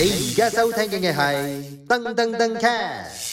你而家收聽嘅係噔噔噔 Cast》登。登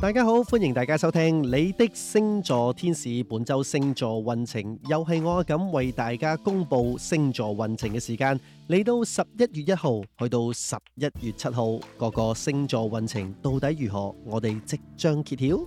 大家好，歡迎大家收聽你的星座天使，本周星座運程，又係我咁為大家公布星座運程嘅時間，嚟到十一月一號去到十一月七號，各個星座運程到底如何？我哋即將揭曉。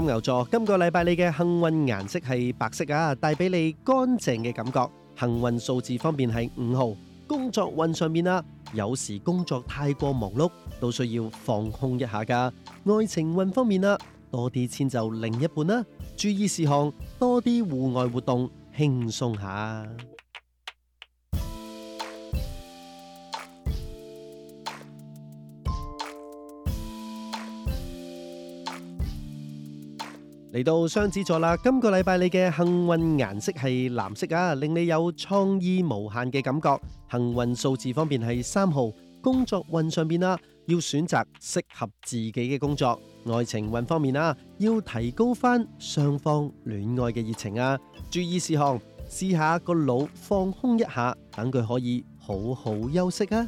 金牛座，今個禮拜你嘅幸運顏色係白色啊，帶俾你乾淨嘅感覺。幸運數字方面係五號。工作運上面啦，有時工作太過忙碌，都需要放空一下噶。愛情運方面啦，多啲遷就另一半啦，注意事項，多啲戶外活動，輕鬆下。嚟到雙子座啦，今個禮拜你嘅幸運顏色係藍色啊，令你有創意無限嘅感覺。幸運數字方面係三號，工作運上邊、啊、啦，要選擇適合自己嘅工作。愛情運方面啊，要提高翻雙方戀愛嘅熱情啊。注意事項，試下個腦放空一下，等佢可以好好休息啊。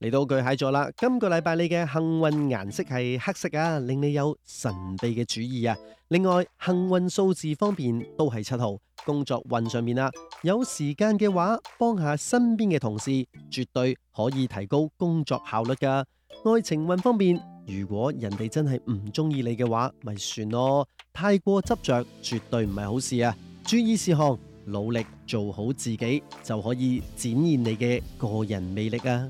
嚟到巨蟹座啦，今個禮拜你嘅幸運顏色係黑色啊，令你有神秘嘅主意啊。另外，幸運數字方面都係七號。工作運上面啊，有時間嘅話幫下身邊嘅同事，絕對可以提高工作效率噶。愛情運方面，如果人哋真係唔中意你嘅話，咪算咯。太過執着絕對唔係好事啊。注意事項，努力做好自己就可以展現你嘅個人魅力啊。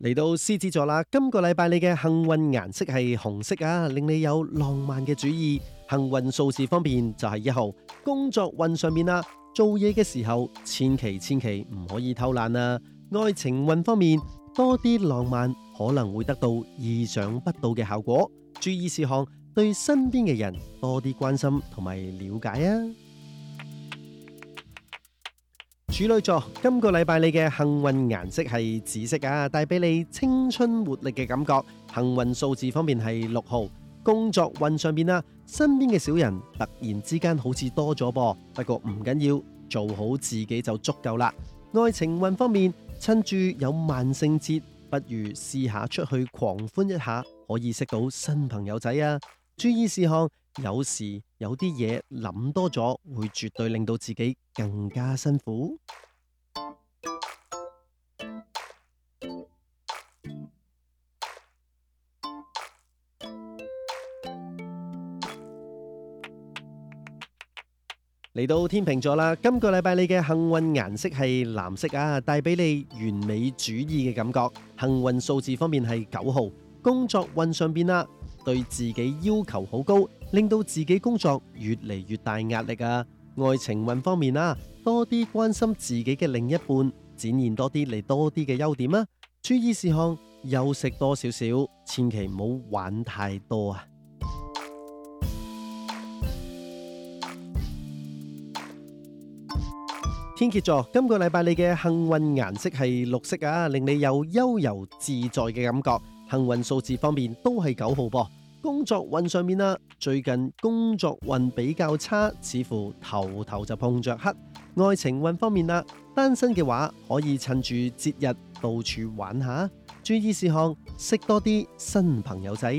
嚟到獅子座啦，今個禮拜你嘅幸運顏色係紅色啊，令你有浪漫嘅主意。幸運數字方面就係一號。工作運上面啊，做嘢嘅時候千祈千祈唔可以偷懶啊。愛情運方面，多啲浪漫可能會得到意想不到嘅效果。注意事項，對身邊嘅人多啲關心同埋了解啊。處女座，今個禮拜你嘅幸運顏色係紫色啊，帶俾你青春活力嘅感覺。幸運數字方面係六號，工作運上邊啊，身邊嘅小人突然之間好似多咗噃，不過唔緊要，做好自己就足夠啦。愛情運方面，趁住有萬聖節，不如試下出去狂歡一下，可以識到新朋友仔啊！注意事項。有時有啲嘢諗多咗，會絕對令到自己更加辛苦。嚟 到天秤座啦，今個禮拜你嘅幸運顏色係藍色啊，帶俾你完美主義嘅感覺。幸運數字方面係九號，工作運上面啦、啊。對自己要求好高，令到自己工作越嚟越大壓力啊！愛情運方面啊，多啲關心自己嘅另一半，展現多啲你多啲嘅優點啊！注意事項，休息多少少，千祈唔好玩太多啊！天蠍座，今個禮拜你嘅幸運顏色係綠色啊，令你有悠遊自在嘅感覺。幸運數字方面都係九號噃啊。工作運上面啦，最近工作運比較差，似乎頭頭就碰着黑。愛情運方面啦，單身嘅話可以趁住節日到處玩下，注意事項，識多啲新朋友仔。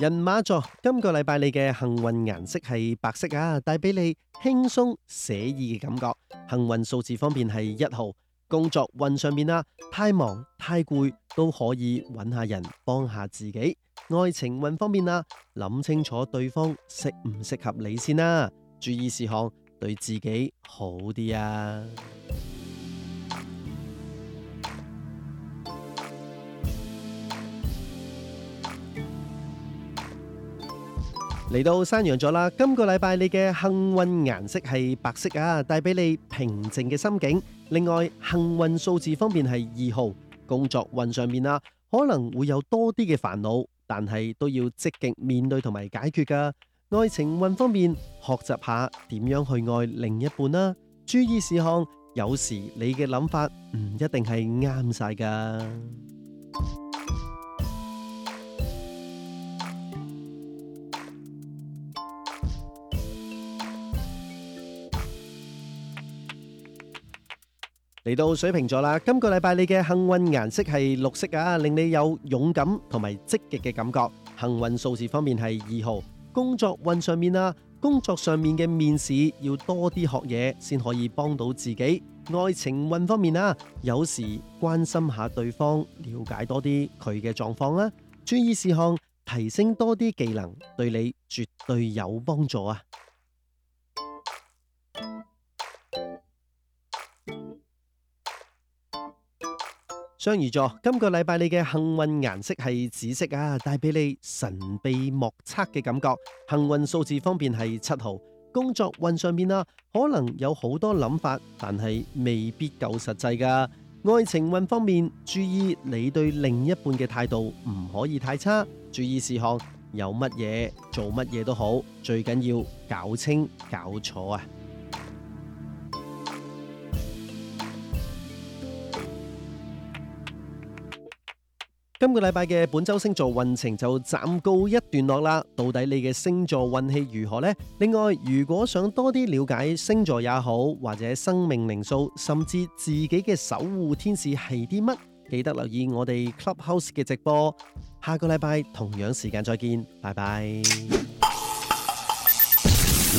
人馬座今個禮拜你嘅幸運顏色係白色啊，帶俾你輕鬆寫意嘅感覺。幸運數字方面係一號。工作運上面啊，太忙太攰都可以揾下人幫下自己。愛情運方面啊，諗清楚對方適唔適合你先啦，啊。注意事項，對自己好啲啊。嚟到山羊座啦，今個禮拜你嘅幸運顏色係白色啊，帶俾你平靜嘅心境。另外，幸運數字方面係二號，工作運上面啊，可能會有多啲嘅煩惱，但係都要積極面對同埋解決噶。愛情運方面，學習下點樣去愛另一半啦。注意事項，有時你嘅諗法唔一定係啱晒噶。嚟到水瓶座啦，今個禮拜你嘅幸運顏色係綠色啊，令你有勇敢同埋積極嘅感覺。幸運數字方面係二號，工作運上面啊，工作上面嘅面試要多啲學嘢先可以幫到自己。愛情運方面啊，有時關心下對方，了解多啲佢嘅狀況啊，注意事項，提升多啲技能，對你絕對有幫助啊！雙魚座，今個禮拜你嘅幸運顏色係紫色啊，帶俾你神秘莫測嘅感覺。幸運數字方面係七號。工作運上面啊，可能有好多諗法，但係未必夠實際噶。愛情運方面，注意你對另一半嘅態度唔可以太差。注意事項，有乜嘢，做乜嘢都好，最緊要搞清搞楚啊！今個禮拜嘅本周星座運程就暫告一段落啦。到底你嘅星座運氣如何呢？另外，如果想多啲了解星座也好，或者生命靈數，甚至自己嘅守護天使係啲乜，記得留意我哋 Club House 嘅直播。下個禮拜同樣時間再見，拜拜。你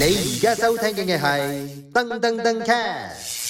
而家收聽嘅係燈登登 cast